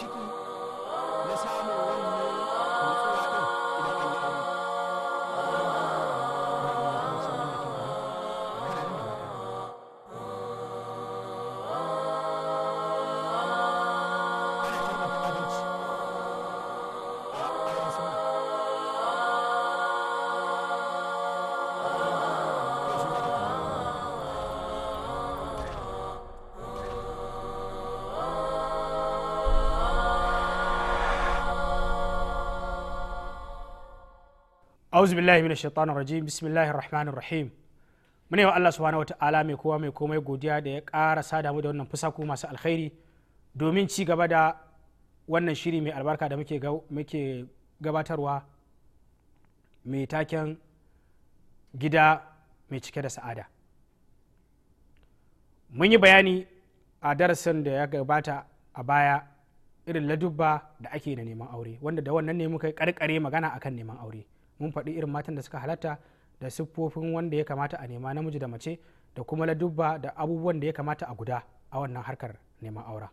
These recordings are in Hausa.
마시고 auzu billahi min shaitanun rajim bismillahir rahmanir rahim mune wa Allah subhanahu wataala mai kowa mai komai godiya da ya kara sada mu da wannan fusaku masu alkhairi domin ci gaba da wannan shiri mai albarka da muke gabatarwa mai taken gida mai cike da sa'ada mun yi bayani a darasin da ya gabata a baya irin ladubba da ake da neman aure wanda da wannan ne muka karkare magana akan neman aure mun faɗi irin matan da suka halatta da siffofin wanda ya kamata a nema namiji da mace da kuma ladubba da abubuwan da ya kamata a guda a wannan harkar neman aura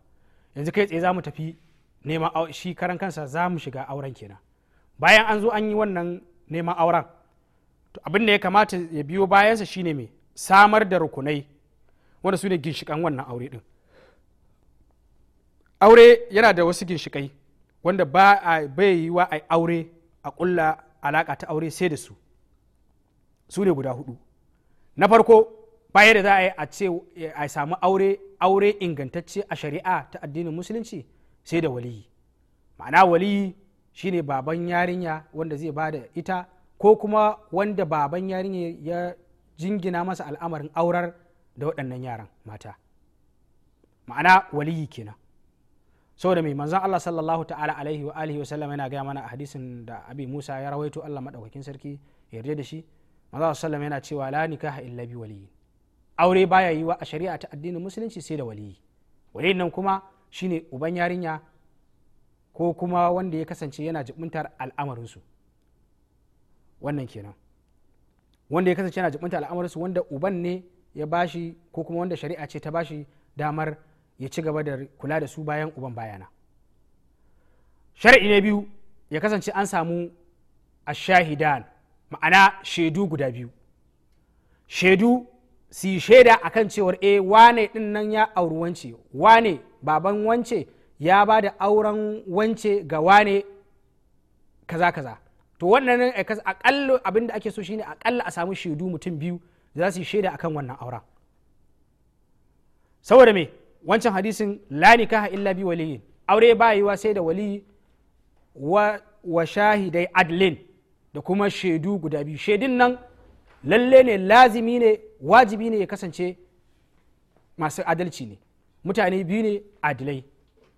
yanzu kai tsaye za mu tafi neman shi karan kansa za mu shiga auren kenan bayan an zo an yi wannan neman auren to abin da ya kamata ya biyo bayansa shine mai samar da rukunai wanda su ne ginshikan wannan aure din aure yana da wasu ginshikai wanda ba a bai yi wa a aure a kulla alaƙa ta aure sai da su su ne guda hudu na farko baya da za a yi a ce a samu aure aure ingantacce a shari'a ta addinin musulunci sai da waliyi ma'ana waliyi shine baban yarinya wanda zai bada ita ko kuma wanda baban yarinya ya jingina masa al'amarin aurar da waɗannan yaran mata ma'ana waliyi kenan da mai manzan Allah sallallahu ta'ala alaihi wa alihi wa sallama yana gaya mana a hadisin da abi Musa ya rawaito Allah madaukakin sarki yarda da shi Allah sallam yana cewa la nikaha illa bi waliyi aure baya yiwa a shari'a ta addinin musulunci sai da waliyi waliyin nan kuma shine uban yarinya ko kuma wanda ya kasance yana al'amarin su wannan kenan wanda ya kasance yana al'amarin su wanda uban ne ya bashi ko kuma wanda shari'a ce ta bashi damar ya ci gaba da kula da su bayan uban bayana shari'i na biyu ya kasance an samu a shahidan ma'ana shaidu guda biyu shaidu su yi shaida a kan cewar A eh, wane din nan ya auri wance wane baban wance ya ba da auren wance ga wane kaza kaza to wannan akalla abin da ake so shine akalla a samu shaidu mutum biyu za su yi shaida a kan wannan auren saboda me wancan hadisin la nikaha illa bi waliyin aure ba yiwa sai da wali wa, wa shahidai adlin da kuma shaidu guda biyu shaidun nan lalle ne lazimi ne wajibi ne ya kasance masu adalci ne mutane biyu ne adilai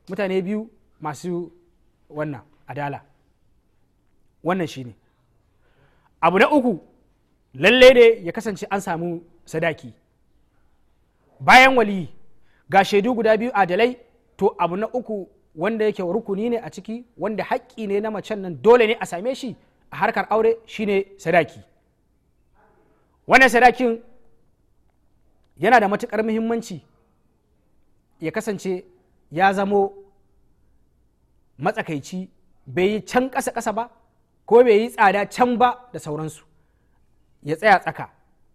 mutane biyu masu wannan adala wannan shi ne abu na uku lalle ne ya kasance an samu sadaki bayan waliyi ga shaidu guda biyu adalai to abu na uku wanda yake rukuni ne a ciki wanda haƙƙi ne na macen nan dole ne a same shi a harkar aure shine sadaki wannan sadakin yana da matuƙar muhimmanci ya kasance ya zamo matsakaici bai yi can ƙasa-ƙasa ba ko bai yi tsada can ba da sauransu ya tsaya tsaka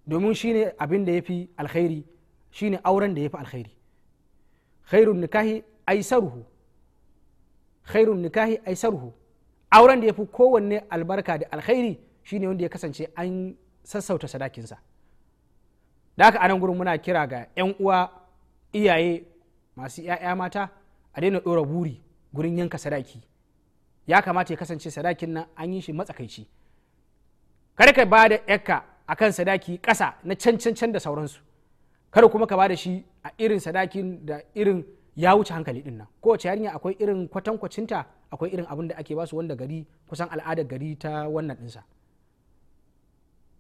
domin shine abin da ya fi alkhairi shine auren da ya fi alkhairi khairun nikahi aisaruhu khairun nikahi aisaruhu auren da ya fi kowanne albarka da alkhairi shine wanda ya kasance an sassauta sadakinsa da haka anan gurin muna kira ga 'yan uwa iyaye masu 'ya'ya mata a daina ɗora buri gurin yanka sadaki ya kamata ya kasance sadakin nan an yi shi matsakaici kar ka ba da 'yarka akan sadaki ƙasa na can can can da sauransu kada kuma ka bada shi a irin sadakin da irin ya wuce hankali din nan kowace yarinya akwai irin kwatankwacinta akwai irin abin da ake basu wanda gari kusan al'adar gari ta wannan dinsa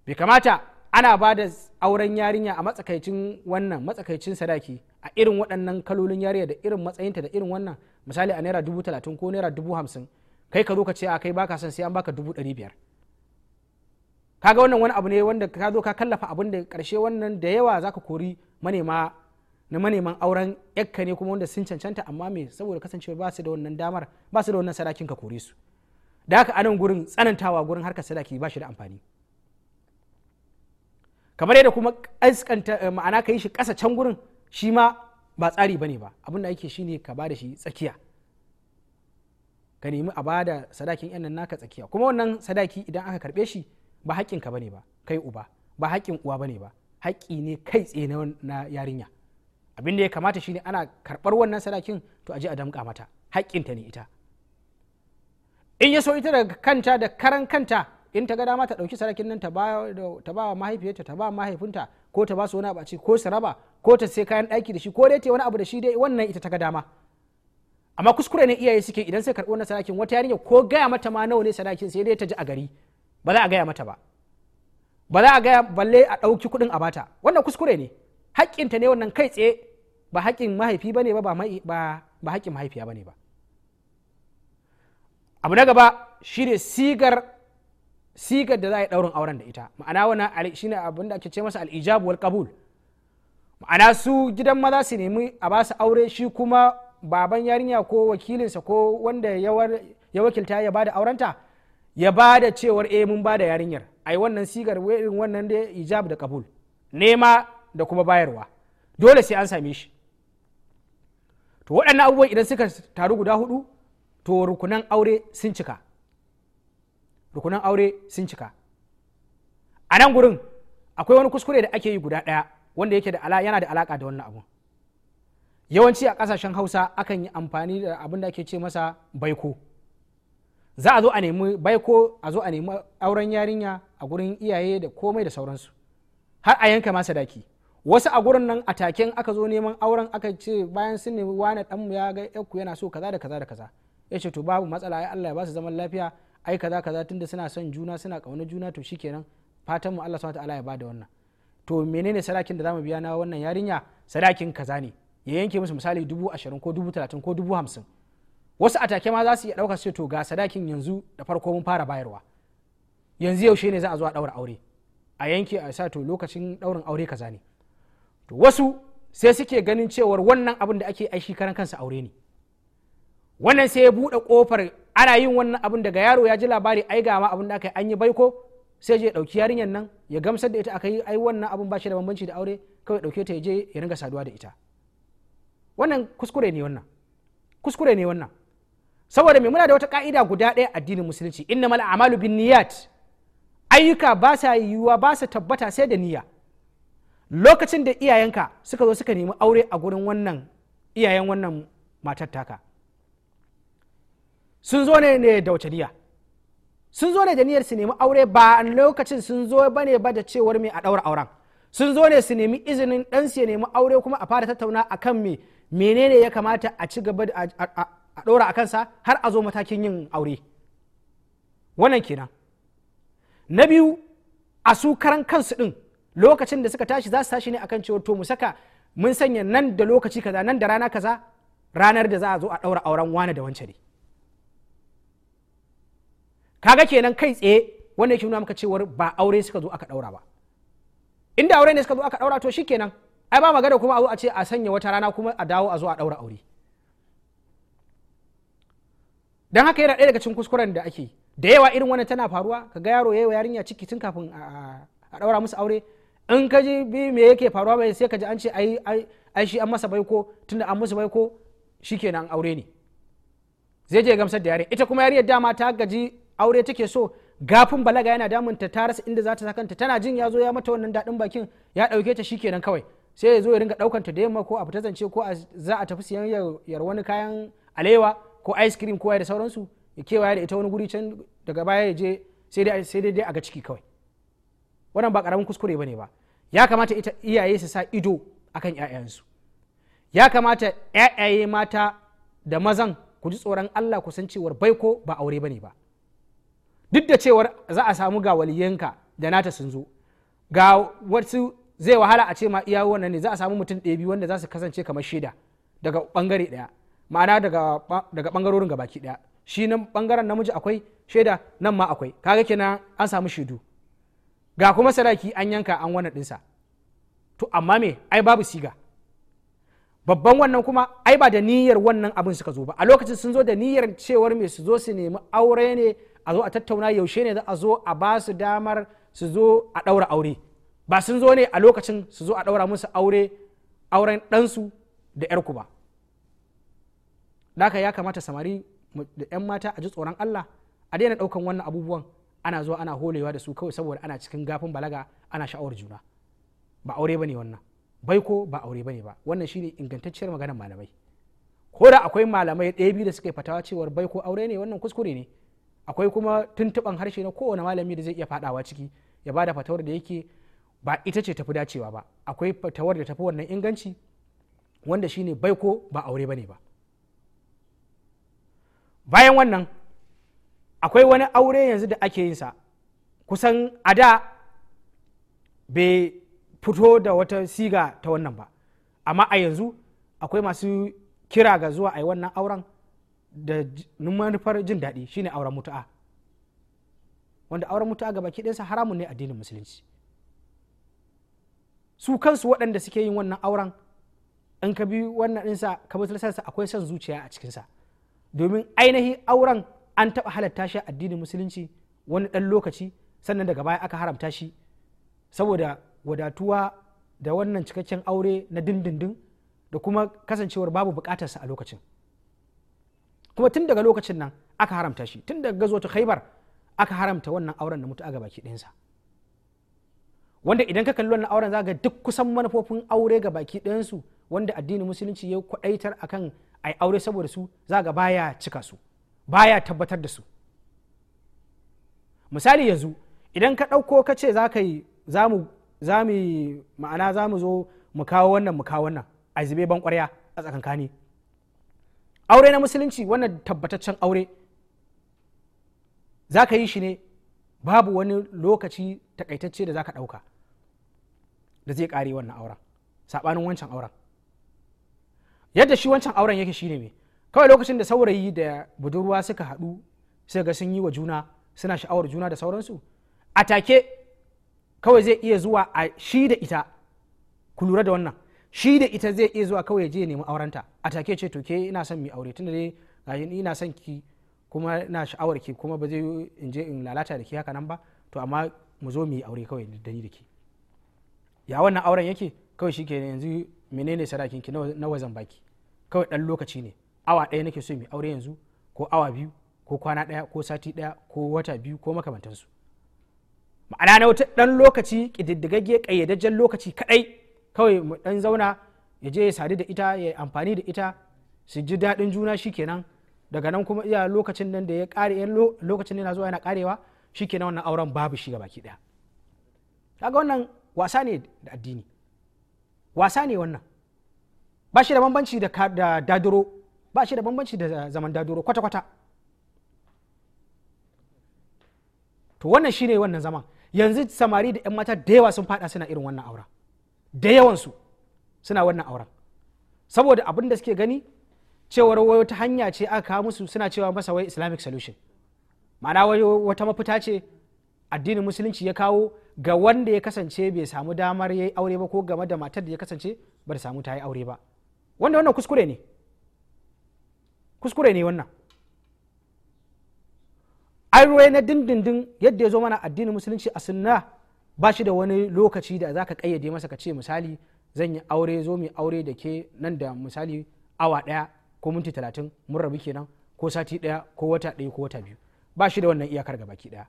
bai kamata ana ba da auren yarinya a matsakaicin wannan matsakaicin sadaki a irin waɗannan kalolin yarinya da irin matsayinta da irin wannan misali a naira dubu talatin ko naira dubu hamsin kai ka zo ka ce a kai baka son sai an baka dubu ɗari biyar Ka ga wannan wani abu ne wanda ka zo ka kallafa abin da karshe wannan da yawa zaka kori manema na maneman auren yakka ne kuma wanda sun cancanta amma me saboda kasancewa ba su da wannan damar ba su da wannan sadakin ka kore su da haka anan gurin tsanantawa gurin harka sadaki ba shi da amfani kamar yadda kuma kaskanta eh, ma'ana ka yi shi kasa can gurin shi ma ba tsari bane ba abin da ake shine ka ba da shi tsakiya ka nemi a bada sadakin yan nan naka tsakiya kuma wannan sadaki idan aka karbe shi ba ka bane ba kai uba ba haƙƙin uwa bane ba haƙƙi ne kai tsaye na yarinya abin da ya kamata shine ana karɓar wannan sadakin to a je a damƙa mata ta ne ita in ya so ita daga kanta da karan kanta in ta ga dama ta ɗauki sadakin nan ta ba wa mahaifiyarta ta ba mahaifinta ko ta ba su wani abu a ko su raba ko ta sai kayan ɗaki da shi ko dai ta wani abu da shi dai wannan ita ta ga dama amma kuskure ne iyaye suke idan sai karɓi wannan sadakin wata yarinya ko gaya mata ma nawa ne sadakin sai dai ta ji a gari ba za a gaya mata ba ba za a gaya balle a ɗauki kuɗin a bata wannan kuskure ne haƙƙinta ne wannan kai tsaye ba haƙƙin mahaifi ba ne ba ba haƙƙin mahaifiya ba ne ba abu na gaba shi sigar sigar da za a yi ɗaurin auren da ita ma'ana wani shi ne abin da ake ce masa al'ijabu wal kabul ma'ana su gidan maza su nemi a ba su aure shi kuma baban yarinya ko wakilinsa ko wanda ya wakilta ya ba da aurenta ya ba da cewar e mun ba da yarinyar ai wannan sigar irin wannan da ijab da kabul nema da kuma bayarwa dole sai an same shi to waɗannan abubuwan idan suka taru guda hudu to rukunan aure sun cika rukunan aure sun cika a nan gurin akwai wani kuskure da ake yi guda ɗaya wanda yake da yana da alaka da wannan abu. yawanci a ƙasashen hausa akan yi amfani da abin da ake ce masa baiko za a zo a nemi baiko a zo a nemi auren yarinya a gurin iyaye da komai da sauransu har a yanka masa sadaki wasu a gurin nan a taken aka zo neman auren aka ce bayan sun nemi wani danmu ya ga yakku yana so kaza da kaza da kaza ya ce to babu matsala ai Allah ya ba su zaman lafiya ai kaza kaza tunda suna son juna suna kauna juna to shikenan fatan mu Allah subhanahu ta'ala ya bada wannan to menene sadakin da zamu biya na wannan yarinya sadakin kaza ne ya yanke musu misali dubu ashirin ko dubu talatin ko dubu hamsin wasu atake ma za su iya ɗaukar to ga sadakin yanzu da farko mun fara bayarwa yanzu yaushe ne za a zo a ɗaura aure a yanke a sa to lokacin ɗaurin aure kaza ne to wasu sai suke ganin cewar wannan abin da ake aishi karan kansa aure ne wannan sai ya buɗe kofar ana yin wannan abin daga yaro ya ji labari ai ga ma abin da aka yi an yi baiko sai je ɗauki yarinyar nan ya gamsar da ita aka yi ai wannan abin ba shi da bambanci da aure kawai ɗauke ta ya je ya ringa saduwa da ita wannan kuskure ne wannan kuskure ne wannan saboda mai muna da wata ka'ida guda ɗaya addinin musulunci innamal a'malu bin niyat ayyuka ba sa yiwuwa ba sa tabbata sai da niyya lokacin da iyayenka suka zo suka nemi aure a gurin wannan iyayen wannan matar taka sun zo ne da wace niyya sun zo ne da niyyar su nemi aure ba lokacin sun zo ba ne ba da cewar mai a ɗaura auren sun zo ne su nemi izinin ɗansu ya nemi aure kuma a fara tattauna a kan me menene ya kamata a ci gaba a ɗora a kansa har a zo matakin yin aure wannan kenan na biyu a su karan kansu ɗin lokacin da suka tashi za su tashi ne akan cewa to mu saka mun sanya nan da lokaci kaza nan da rana kaza ranar da za a zo a ɗaura auren wane da wance ne kaga kenan kai tsaye wanda yake nuna maka cewar ba aure suka zo aka ɗaura ba inda aure ne suka zo aka ɗaura to shikenan ai ba magana kuma a zo a ce a sanya wata rana kuma a dawo a zo a ɗaura aure don haka yana ɗaya daga cikin kuskuren da ake da yawa irin wannan tana faruwa ka ga yaro yayi yarinya ciki tun kafin a ɗaura musu aure in ka ji bi me yake faruwa bai sai ka ji an ce ai shi an masa bai ko tunda an musu bai baiko shikenan aure ne zai je gamsar da yare ita kuma yariyar dama ta gaji aure take so gafin balaga yana damun ta rasa inda za ta sakanta tana jin ya zo ya mata wannan daɗin bakin ya ɗauke ta shi kenan kawai sai ya zo ya ringa ɗaukanta da yamma ko a fita zance ko za a tafi siyan yar wani kayan alewa ko ice cream ko da sauransu ya kewaya da ita wani guri can daga baya ya je sai dai dai a ga ciki kawai wannan ba karamin kuskure bane ba ya kamata ita iyaye su sa ido akan ƴaƴansu ya kamata ƴaƴaye mata da mazan ku ji tsoron Allah ku san cewar ko ba aure bane ba duk da cewa za a samu ga waliyanka da nata sun zo ga wasu zai wahala a ce ma iya wannan ne za a samu mutum ɗaya biyu wanda za su kasance kamar shaida daga bangare ɗaya ma'ana daga bangarorin baki daya shi nan bangaren namiji akwai shaida nan ma akwai kaga kenan an samu shaidu ga kuma sadaki an yanka an wani dinsa to amma me ai babu siga babban wannan kuma ai ba da niyyar wannan abin suka zo ba a lokacin sun zo da niyyar cewar me su zo su nemi aure ne a zo a tattauna yaushe ne za a zo a ba su damar su zo a ɗaura aure ba sun zo ne a lokacin su zo a ɗaura musu aure auren ɗansu da 'yarku ba haka ya kamata samari da 'yan mata a ji tsoron allah a daina ɗaukan wannan abubuwan ana zuwa ana holewa da su kawai saboda ana cikin gafin balaga ana sha'awar juna ba aure bane wannan bai ko ba aure bane ba wannan shine ingantacciyar maganar malamai ko da akwai malamai ɗaya biyu da suka yi fatawa cewar bai ko aure ne wannan kuskure ne akwai kuma tuntuɓan harshe na kowane malami da zai iya faɗawa ciki ya ba da fatawar da yake ba ita ce tafi dacewa ba akwai fatawar da tafi wannan inganci wanda shine bai ko ba aure bane ba bayan wannan akwai wani aure yanzu da ake yinsa kusan a da bai fito da wata siga ta wannan ba amma a yanzu akwai masu kira ga zuwa a yi wannan auren da manufar jin daɗi shine auren mutu'a wanda auren mutu'a ga baki ɗinsa haramun ne addinin musulunci su kansu waɗanda suke yin wannan auren in ka bi wannan ɗinsa ka bi akwai son zuciya a cikinsa domin ainihi auren an taɓa halatta shi addinin musulunci wani ɗan lokaci sannan daga baya aka haramta shi saboda wadatuwa da wannan cikakken aure na dindindin da kuma kasancewar babu bukatarsa a lokacin kuma tun daga lokacin nan aka haramta shi tun daga gazo ta khaibar aka haramta wannan auren da mutu a baki ɗinsa wanda idan ka kalli wannan auren za ga duk kusan manufofin aure ga baki ɗayansu wanda addinin musulunci ya kwaɗaitar akan a yi aure saboda su za ga baya cika su baya tabbatar da su misali yanzu idan ka ɗauko ka ce za ka yi za mu ma'ana za mu zo mu kawo wannan mu kawo wannan a zube ban ƙwarya a tsakankani aure na musulunci wannan tabbataccen aure za ka yi shi ne babu wani lokaci takaitacce da za ka ɗauka da zai ƙare wannan auren saɓanin wancan auren yadda shi wancan auren yake shine me kawai lokacin da saurayi da budurwa suka haɗu sai ga sun yi wa juna suna sha'awar juna da sauransu a take kawai zai iya zuwa a shi da ita ku lura da wannan shi da ita zai iya zuwa kawai ya je ya nemi aurenta a take ce to ke ina son mi aure tunda dai gashi ina son ki kuma ina sha'awar ki kuma ba zai in je in lalata da ki haka nan ba to amma mu zo mu yi aure kawai da ni da ke ya wannan auren yake kawai shi ke yanzu menene sadakin ki na zan baki kawai dan lokaci ne awa ɗaya nake so mu aure yanzu ko awa biyu ko kwana ɗaya ko sati ɗaya ko wata biyu ko makamantansu ma'ana na wata ɗan lokaci ƙididdigagge ƙayyadajjen lokaci kaɗai kawai mu ɗan zauna ya je ya sadu da ita ya amfani da ita su ji daɗin juna shikenan daga nan kuma iya lokacin nan da ya ƙare lokacin yana zuwa yana ƙarewa shikenan wannan auren babu shi baki ɗaya kaga wannan wasa ne da addini wasa ne wannan ba shi da bambanci da daduro ba shi da bambanci da zaman daduro kwata-kwata to wannan shi ne wannan zaman yanzu samari da 'yan mata da yawa sun fada suna irin wannan aura da yawansu suna wannan auren saboda abin da suke gani cewar wata hanya ce aka kawo musu suna cewa masa wai islamic solution ma'ana wata mafita ce addinin musulunci ya kawo ga wanda ya kasance bai samu damar ya yi aure ba ko game da matar da ya kasance ba samu ta yi aure ba wanda wannan kuskure ne kuskure ne wannan aure na dindindin yadda ya zo mana addinin musulunci a sunna ba shi da wani lokaci da za ka kayyade masa ka ce misali zan yi aure zo mai aure da ke nan da misali awa daya ko minti talatin mun rabu kenan ko sati daya ko wata daya ko wata biyu ba shi da wannan iyakar gabaki daya.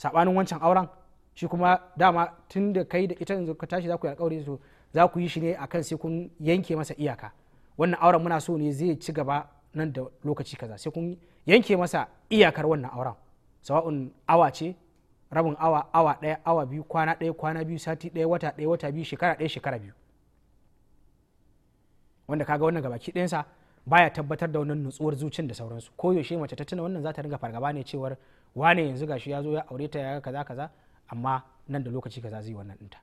sabanin wancan auren shi kuma dama tun da kai da ita yanzu ka tashi za ku yi alkawari to za ku yi shi ne akan sai kun yanke masa iyaka wannan auren muna so ne zai ci gaba nan da lokaci kaza sai kun yanke masa iyakar wannan auren sawa'un awa ce rabin awa awa ɗaya awa biyu kwana ɗaya kwana biyu sati ɗaya wata ɗaya wata biyu shekara ɗaya shekara biyu wanda kaga wannan gabaki ɗayansa baya tabbatar da wannan nutsuwar zuciyar da sauransu ko yaushe mace ta tuna wannan za ta ringa fargaba ne cewar wane yanzu gashi ya zo ya aure ta ya kaza kaza amma nan da lokaci kaza zai wannan ɗinta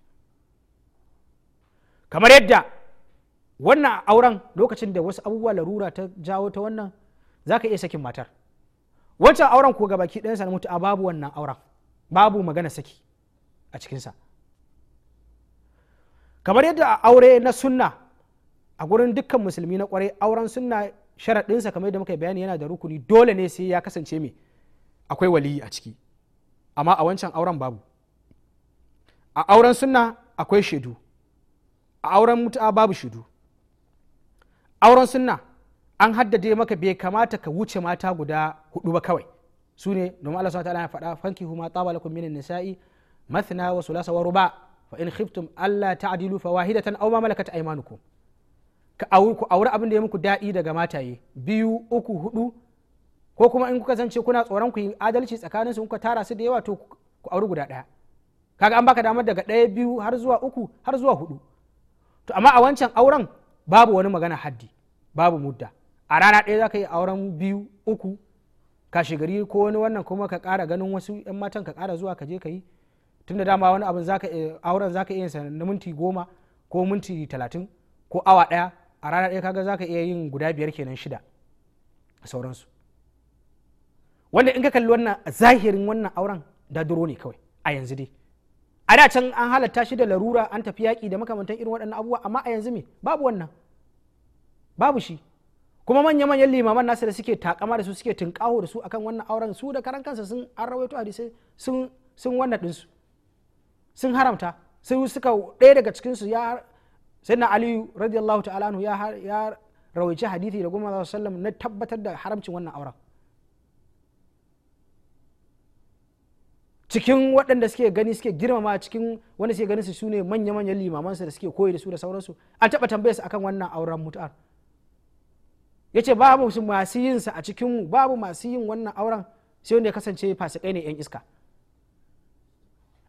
kamar yadda wannan auren lokacin da wasu abubuwa larura ta jawo ta wannan za ka iya sakin matar wancan auren ko gabaki ɗayansa na mutu a babu wannan auren babu magana saki a cikinsa kamar yadda aure na sunna a gurin dukkan musulmi na kwarai auren suna sharaɗinsa kamar yadda muka bayani yana da rukuni dole ne sai ya kasance mai akwai waliyi a ciki amma a wancan auren babu a auren suna akwai shaidu a auren mutu'a babu shaidu auren suna an haddade maka bai kamata ka wuce mata guda hudu ba kawai su ne domin Allah ta'ala ya faɗa fanki huma tsaba lakum minan nisa'i mathna wa sulasa wa ruba fa in khiftum alla ta'dilu fa wahidatan aw ma malakat aymanukum ku auri abin da ya muku daɗi daga mataye biyu uku hudu ko kuma in kuka zance kuna tsoron ku yi adalci tsakanin su kuka tara su da yawa to ku auri guda ɗaya kaga an baka damar daga ɗaya biyu har zuwa uku har zuwa hudu to amma a wancan auren babu wani magana haddi babu mudda a rana ɗaya za ka yi auren biyu uku kashi gari ko wani wannan kuma ka ƙara ganin wasu 'yan matan ka ƙara zuwa ka je ka yi tunda dama wani abin eh, auren za ka iya na minti goma ko minti talatin ko awa ɗaya a rana ɗaya kaga zaka iya yin guda biyar kenan shida sauransu wanda in ka kalli wannan zahirin wannan auren da duro ne kawai a yanzu dai a da can an halatta shi da larura an tafi yaƙi da makamantan irin waɗannan abubuwa amma a yanzu me babu wannan babu shi kuma manya-manyan limaman nasu da suke takama da su suke tunƙaho da su akan wannan auren su da karan kansa sun an rawaito hadisai sun sun wannan ɗinsu sun haramta sai suka ɗaya daga cikinsu ya sai na aliyu radiyallahu ta'ala anhu ya rawaici hadithi da goma sallam na tabbatar da haramcin wannan auren cikin waɗanda suke gani suke girmama cikin wanda suke ganin su su ne manya-manyan limamansa da suke koyi da su da sauransu an taɓa tambaya su akan wannan auren mutu'ar ya ce babu masu yin a cikinmu babu masu yin wannan auren sai wanda ya kasance fasikai ne 'yan iska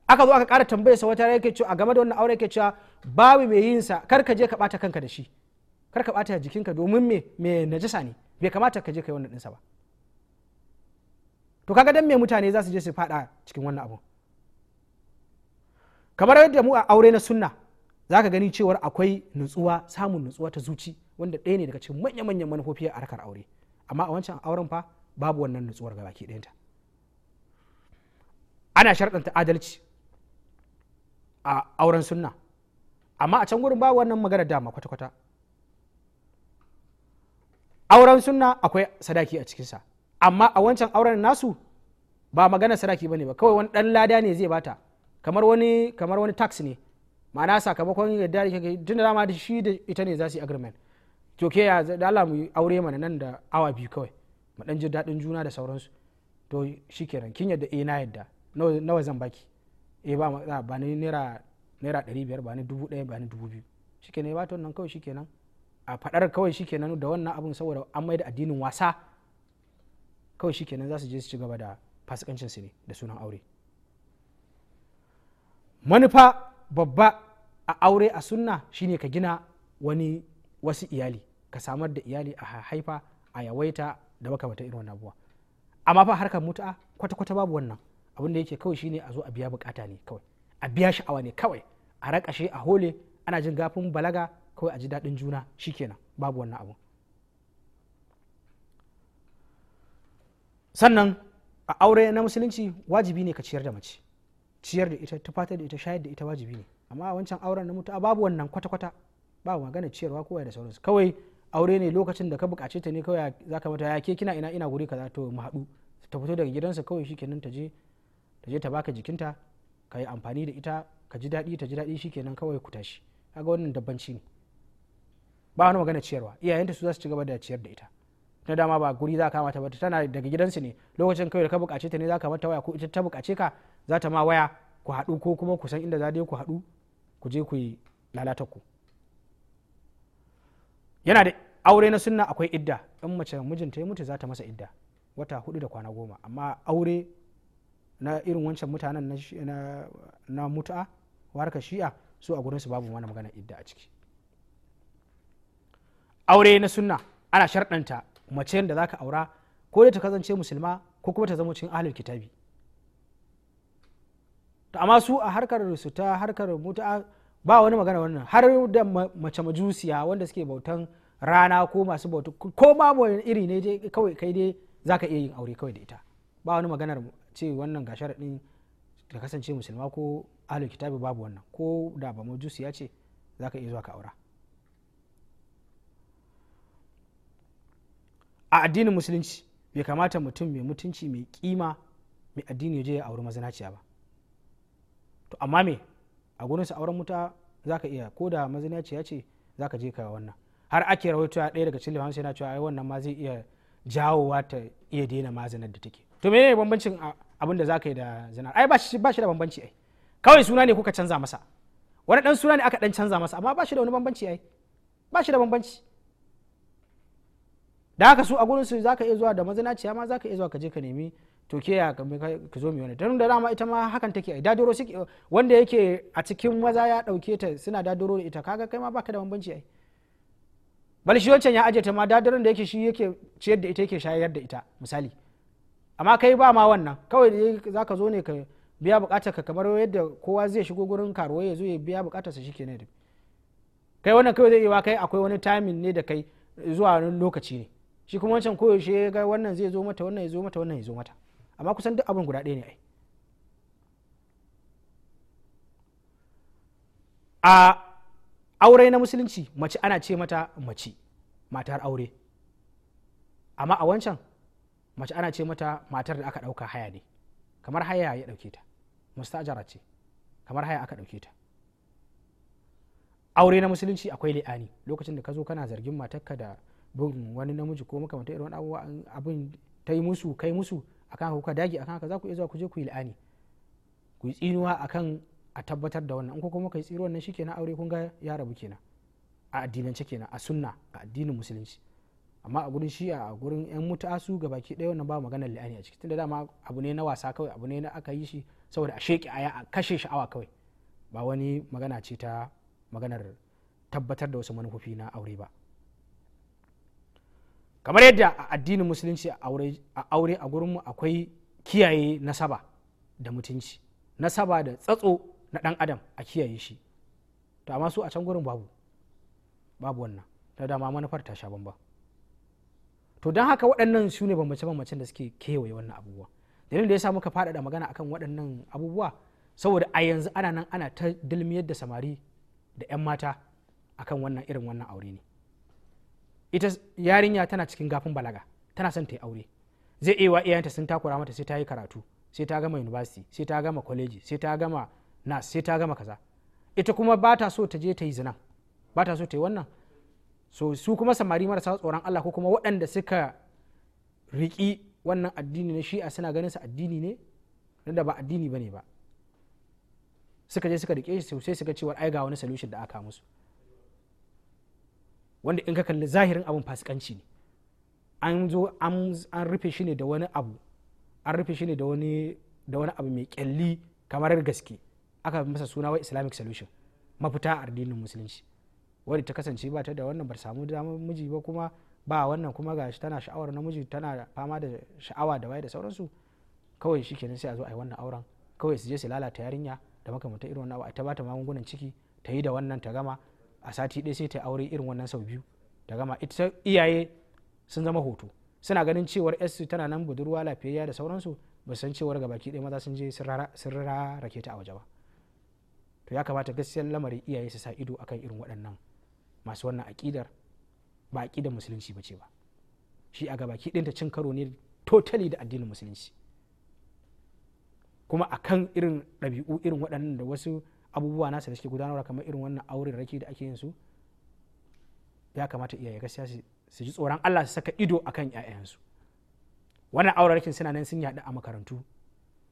aka zo aka ƙara sa wata yake cewa a game da wannan aure yake cewa babu mai yin sa kar ka je ka bata kanka da shi kar ka bata jikinka domin me me najasa ne bai kamata ka je kai wannan dinsa ba to kaga dan me mutane za su je su fada cikin wannan abu kamar yadda mu a aure na sunna za gani cewar akwai nutsuwa samun nutsuwa ta zuci wanda ɗaya ne daga cikin manya-manyan manufofi a harkar aure amma a wancan auren fa babu wannan nutsuwar ga baki ɗayanta ana sharɗanta adalci a auren sunna amma a can gurin ba wannan magana dama kwata-kwata auren sunna akwai sadaki a cikinsa amma a wancan auren nasu ba magana sadaki bane ba kawai wani dan lada ne zai bata kamar wani kamar wani tax ne ma'ana sakamakon yadda da kake tunda dama da shi da ita ne za su yi agreement to ke ya da Allah mu aure mana nan da awa biyu kawai mu dan ji dadin juna da sauransu to shikenan kin yadda eh na yadda nawa zan baki ya eh, ba ma ba ni naira naira ɗari biyar ba ni dubu ɗaya ba ni dubu biyu shikenan ya ba ta wannan kawai shikenan a faɗar kawai shikenan da wannan abun saboda an mai da addinin wasa kawai shikenan za su je su ci gaba da fasikancin su ne da sunan aure manufa babba a aure a sunna shine ka gina wani wasu iyali ka samar da iyali a haifa a yawaita da makamata irin wannan abuwa amma fa harkar mutu'a kwata-kwata babu wannan abin da yake kawai shine a zo a biya bukata ne kawai a biya sha'awa ne kawai a rakashe a hole ana jin gafin balaga kawai a ji daɗin juna shi kenan babu wannan abu sannan a aure na musulunci wajibi ne ka ciyar da mace ciyar da ita tufatar da ita shayar da ita wajibi ne amma a wancan auren na mutu babu wannan kwata-kwata babu magana ciyarwa kowa da sauransu kawai aure ne lokacin da ka bukace ta ne kawai za ka mata ya ke kina ina ina guri kaza to mu haɗu ta fito daga gidansa kawai shi kenan ta je ta je ta baka jikinta ka yi amfani da ita ka ji daɗi ta ji daɗi shi kenan kawai ku tashi kaga wannan dabbanci ne ba wani magana ciyarwa iyayenta su za su ci gaba da ciyar da ita na dama ba guri za ka mata ba tana daga gidansu ne lokacin kawai da ka bukace ta ne za ka mata waya ko ita ta bukace ka za ta ma waya ku haɗu ko kuma ku san inda za ku haɗu ku je ku yi lalatar ku yana da aure na sunna akwai idda ɗan mace mijinta ya mutu za ta masa idda wata hudu da kwana goma amma aure na irin wancan mutanen na mutu'a warka shi'a su a gurin su babu wani magana idda a ciki aure na sunna ana sharɗanta mace da za ka aura ko da ta kasance musulma ko kuma ta zama cikin ahlul kitabi to amma su a harkar su ta harkar mutu'a ba wani magana wannan har da mace majusiya wanda suke bautan rana ko masu bauta ko ma wani iri ne dai kawai kai dai zaka iya yin aure kawai da ita ba wani maganar ce wannan ga sharaɗin ka kasance musulma ko ahlul kitabi babu wannan ko da ba majusi ya ce za ka iya zuwa ka aura a addinin musulunci bai kamata mutum mai mutunci mai kima mai addini ya je ya auri mazinaciya ba to amma me a gurinsa auren muta za ka iya ko da mazinaciya ce za ka je ka wannan har ake rawaito ɗaya daga cikin limansu yana cewa ai wannan ma zai iya jawowa ta iya daina mazinar da take to menene bambancin abin da zaka yi da zinar ai ba shi da bambanci ai kawai suna ne kuka canza masa wani dan suna ne aka dan canza masa amma ba shi da wani bambanci ai ba shi da bambanci da haka su a gurin su zaka iya zuwa da mazinaciya ma zaka iya zuwa ka je ka nemi to ke ya ka zo mai wani dan da dama ita ma hakan take ai dadoro wanda yake a cikin maza ya dauke ta suna dadoro da ita kaga kai ma baka da bambanci ai bal shi wancan ya aje ta ma dadaron da yake shi yake ciyar da ita yake shayar da ita misali amma kai ba ma wannan kawai za ka zo ne ka biya bukatar ka kamar yadda kowa zai shigo gurin karuwa ya zo ya biya bukatar sa shike ne kai wannan kawai zai iya kai akwai wani timing ne da kai zuwa wani lokaci ne shi kuma wancan shi ga wannan zai zo mata wannan ya zo mata wannan ya zo mata amma kusan duk abin guda ɗaya ne ai a aure na musulunci mace ana ce mata mace matar aure amma a wancan mace ana ce mata matar da aka ɗauka haya ne kamar haya ya ɗauke ta mustajara ce kamar haya aka ɗauke ta aure na musulunci akwai li'ani lokacin da ka zo kana zargin matarka da bin wani namiji ko makamantar irin wani abin ta yi musu kai musu akan kuka dage akan haka za ku iya zuwa ku je ku yi li'ani ku yi tsinuwa akan a tabbatar da wannan in ko kuma ka yi tsiro wannan shi kenan aure kun ga ya rabu kenan a addinance kenan a sunna a addinin musulunci amma a gurin shi'a a gurin yan mutasu ga baki ɗaya wannan ba maganar la'ani a ciki tunda dama abu ne na wasa kawai abu ne na aka yi shi saboda a sheki aya a kashe sha'awa kawai ba wani magana ce ta maganar tabbatar da wasu manufofi na aure ba kamar yadda a addinin musulunci a aure a gurin mu akwai kiyaye nasaba da mutunci nasaba da tsatso na dan adam a kiyaye shi to amma su a can gurin babu babu wannan ta dama manufar ta sha bamba to don haka waɗannan su ne bambance-bambancen da suke kewaye wannan abubuwa dalilin da ya sa muka faɗaɗa magana akan waɗannan abubuwa saboda a yanzu ana nan ana ta dilmiyar da samari da 'yan mata akan wannan irin wannan aure ne ita yarinya tana cikin gafin balaga tana son ta yi aure zai iya wa iyayenta sun takura mata sai ta yi karatu sai ta gama university sai ta gama kwaleji sai ta gama nas sai ta gama kaza ita kuma ba ta so ta je ta yi zina ba ta so ta yi wannan so su kuma samari marasa tsoron Allah ko kuma waɗanda suka riƙi wannan addini na shi'a suna ganin su addini ne da ba addini bane ba suka je suka riƙe shi sosai suka cewa ai ga wani solution da aka musu wanda in ka kalli zahirin abin fasikanci ne an zo an rufe shi ne da wani abu an rufe shi ne da wani abu mai kyalli kamar gaske aka masa suna wai islamic solution mafita a addinin musulunci wadda ta kasance ba ta da wannan ba samu damar miji ba kuma ba wannan kuma ga shi tana sha'awar namiji tana fama da sha'awa da waye da sauransu kawai shi kenan sai a zo a yi wannan auren kawai su je su lalata yarinya da makamanta irin wannan a ta bata magungunan ciki ta yi da wannan ta gama a sati ɗaya sai ta aure irin wannan sau biyu ta gama ita iyaye sun zama hoto suna ganin cewar su tana nan budurwa lafiyayya da sauransu ba san cewar baki ɗaya maza sun je sun rarrake ta a waje ba to ya kamata gaskiyar lamarin iyaye su sa ido akan irin waɗannan masu wannan aƙidar ba aƙidar musulunci ba ce ba shi a gabaki ɗinta cin karo ne totali da addinin musulunci kuma akan irin ɗabi'u irin waɗannan da wasu abubuwa nasa da suke gudanarwa kamar irin wannan auren raki da ake yin su ya kamata iyaye gaskiya su ji tsoron Allah su saka ido akan ƴaƴansu wannan auren rakin suna nan sun yaɗu a makarantu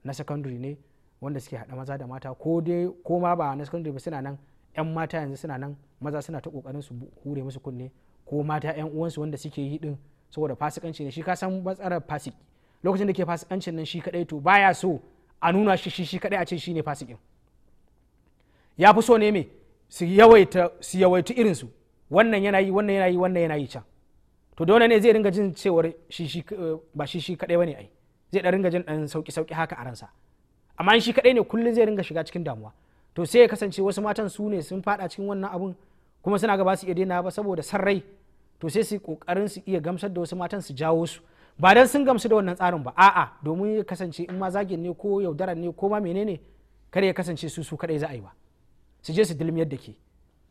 na secondary ne wanda suke haɗa maza da mata ko dai ko ma ba na secondary ba suna nan 'yan mata yanzu suna nan maza suna ta kokarin su hure musu kunne ko mata 'yan uwansu wanda suke yi din saboda fasikanci ne shi ka san matsalar fasiki lokacin da ke fasikancin nan shi kadai to baya so a nuna shi shi shi kadai a ce shi ne fasikin ya fi so ne me su yawaita su yawaita irin su wannan yana yi wannan yana yi wannan yana yi can to dole ne zai ringa jin cewar shi shi eh, ba shi shi kadai bane ai zai da ringa jin dan sauki sauki haka a ransa amma shi kadai ne kullun zai ringa shiga cikin damuwa to sai ya kasance wasu matan su ne sun fada cikin wannan abun kuma suna gaba su iya daina ba saboda sarrai to sai su kokarin su iya gamsar da wasu matan su jawo su ba dan sun gamsu da wannan tsarin ba a'a domin ya kasance in ma zagin ne ko yaudara ne ko ma menene kar ya kasance su su kadai za a yi ba su je su dilmiyar da ke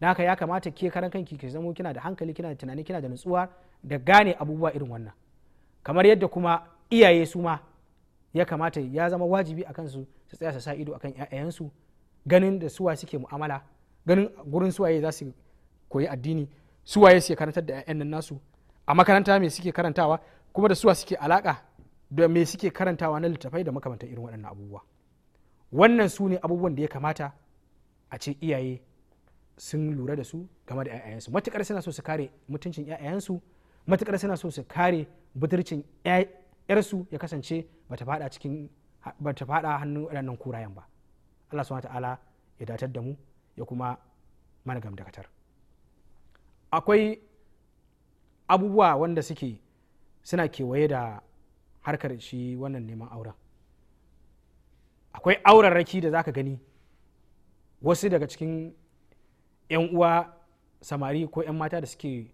na haka ya kamata ke karan kanki ki zamo kina da hankali kina da tunani kina da nutsuwa da gane abubuwa irin wannan kamar yadda kuma iyaye su ma ya kamata ya zama wajibi akan su su tsaya su sa ido akan 'ya'yansu ganin da suwa suke mu'amala ganin gurin suwaye za su koyi addini suwaye suke karantar da 'ya'yan nan nasu a makaranta me suke karantawa kuma da suwa suke alaka da me suke karantawa na littafai da makamantar irin waɗannan abubuwa wannan su ne abubuwan da ya kamata a ce iyaye sun lura da su game da 'ya'yansu matukar suna so su kare mutuncin 'ya'yansu matukar suna so su kare budurcin 'yarsu ya kasance bata fada cikin bata fada hannun waɗannan kurayen ba allah subhanahu ta'ala ya datar da mu ya kuma mana gamdakatar akwai abubuwa wanda suke suna kewaye da harkar shi wannan neman auren akwai aurarraki da zaka gani wasu daga cikin 'yan uwa samari ko 'yan mata da suke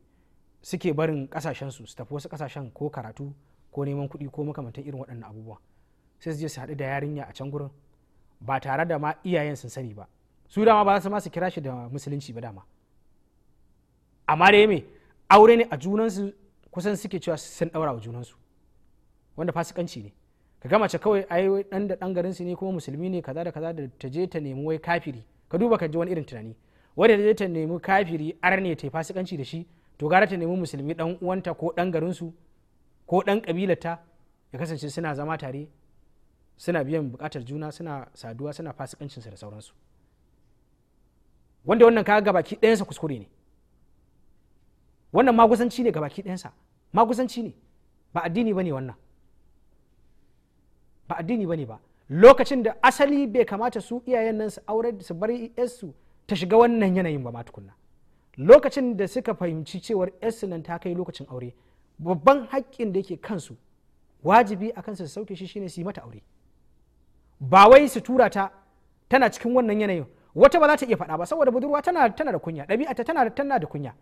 suke barin kasashensu su tafi wasu kasashen ko karatu ko neman kuɗi ko makamantan irin waɗannan abubuwa sai su je su haɗu da yarinya a can gurin ba tare da ma iyayen sun sani ba su dama ba za su ma su kira shi da musulunci ba dama amma da me aure ne a junansu kusan suke cewa sun daura wa junansu wanda fasikanci ne ka ga mace kawai ai dan da dan garin su ne kuma musulmi ne kaza da kaza da ta je ta nemi wai kafiri ka duba ka ji wani irin tunani wanda ta je ta nemi kafiri ar ne ta fasikanci da shi to gara ta nemi musulmi dan uwanta ko dan garin su ko dan kabilarta ya kasance suna zama tare suna biyan bukatar juna suna saduwa suna fasikancinsa da sauransu wanda wannan kaga gabaki ɗayansa kuskure ne wannan magusanci ne gabaki ɗayansa magusanci ne ba addini ba ne wannan ba addini ba ne ba lokacin da asali bai kamata su iyayen nan su aure su bari su ta shiga wannan yanayin ba ma tukunna lokacin da suka fahimci cewar yarsu nan ta kai lokacin aure babban haƙƙin da yake kansu wajibi a kansu su sauke shi shine su yi mata aure ba wai su tura ta tana cikin wannan yanayin wata ba za ta iya faɗa ba saboda budurwa tana tana da kunya ɗabi'ata tana da tana da kunya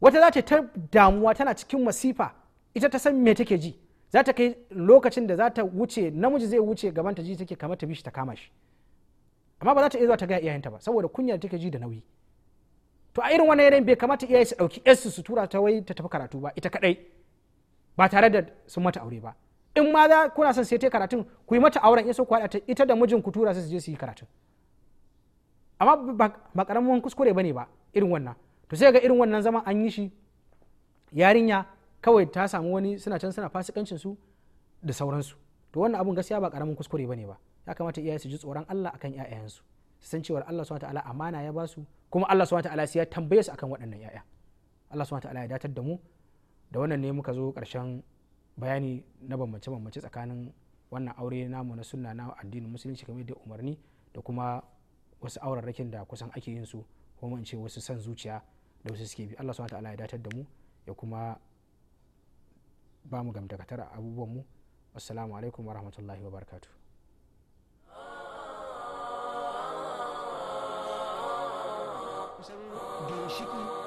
wata za ta ta damuwa tana cikin masifa ita ta san me take ji za ta kai lokacin da za ta wuce namiji zai wuce gaban ta ji take kamar ta bishi ta kama shi amma ba za ta iya zuwa ta ga iyayenta ba saboda kunya da take ji da nauyi to a irin wannan yanayin bai kamata iyaye su ɗauki yarsu su tura ta wai ta tafi karatu ba ita kaɗai ba tare da sun mata aure ba in ma za kuna son sai ta karatun ku yi mata auren ya so ku ta ita da mijin ku tura su je su yi karatun amma ba karamin kuskure bane ba irin wannan to sai ga irin wannan zaman an yi shi yarinya kawai ta samu wani suna can suna fasikancin su da sauransu to wannan abun gaskiya ba karamin kuskure bane ba ya kamata iyaye su ji tsoron Allah akan ƴaƴayensu su san cewa Allah subhanahu ta'ala amana ya basu kuma Allah subhanahu ta'ala sai ya tambaye su akan waɗannan ƴaƴa Allah subhanahu ta'ala ya datar da mu da wannan ne muka zo karshen. bayani na bambance-bambance tsakanin wannan aure namu na sunna na addinin musulunci game da umarni da kuma wasu aurarrakin da kusan ake yin su kuma in ce wasu san zuciya da wasu suke bi Allah subhanahu ta'ala ya datar da mu ya kuma ba mu gamtakatar a abubuwan mu assalamu alaikum wa rahmatullahi Thank you.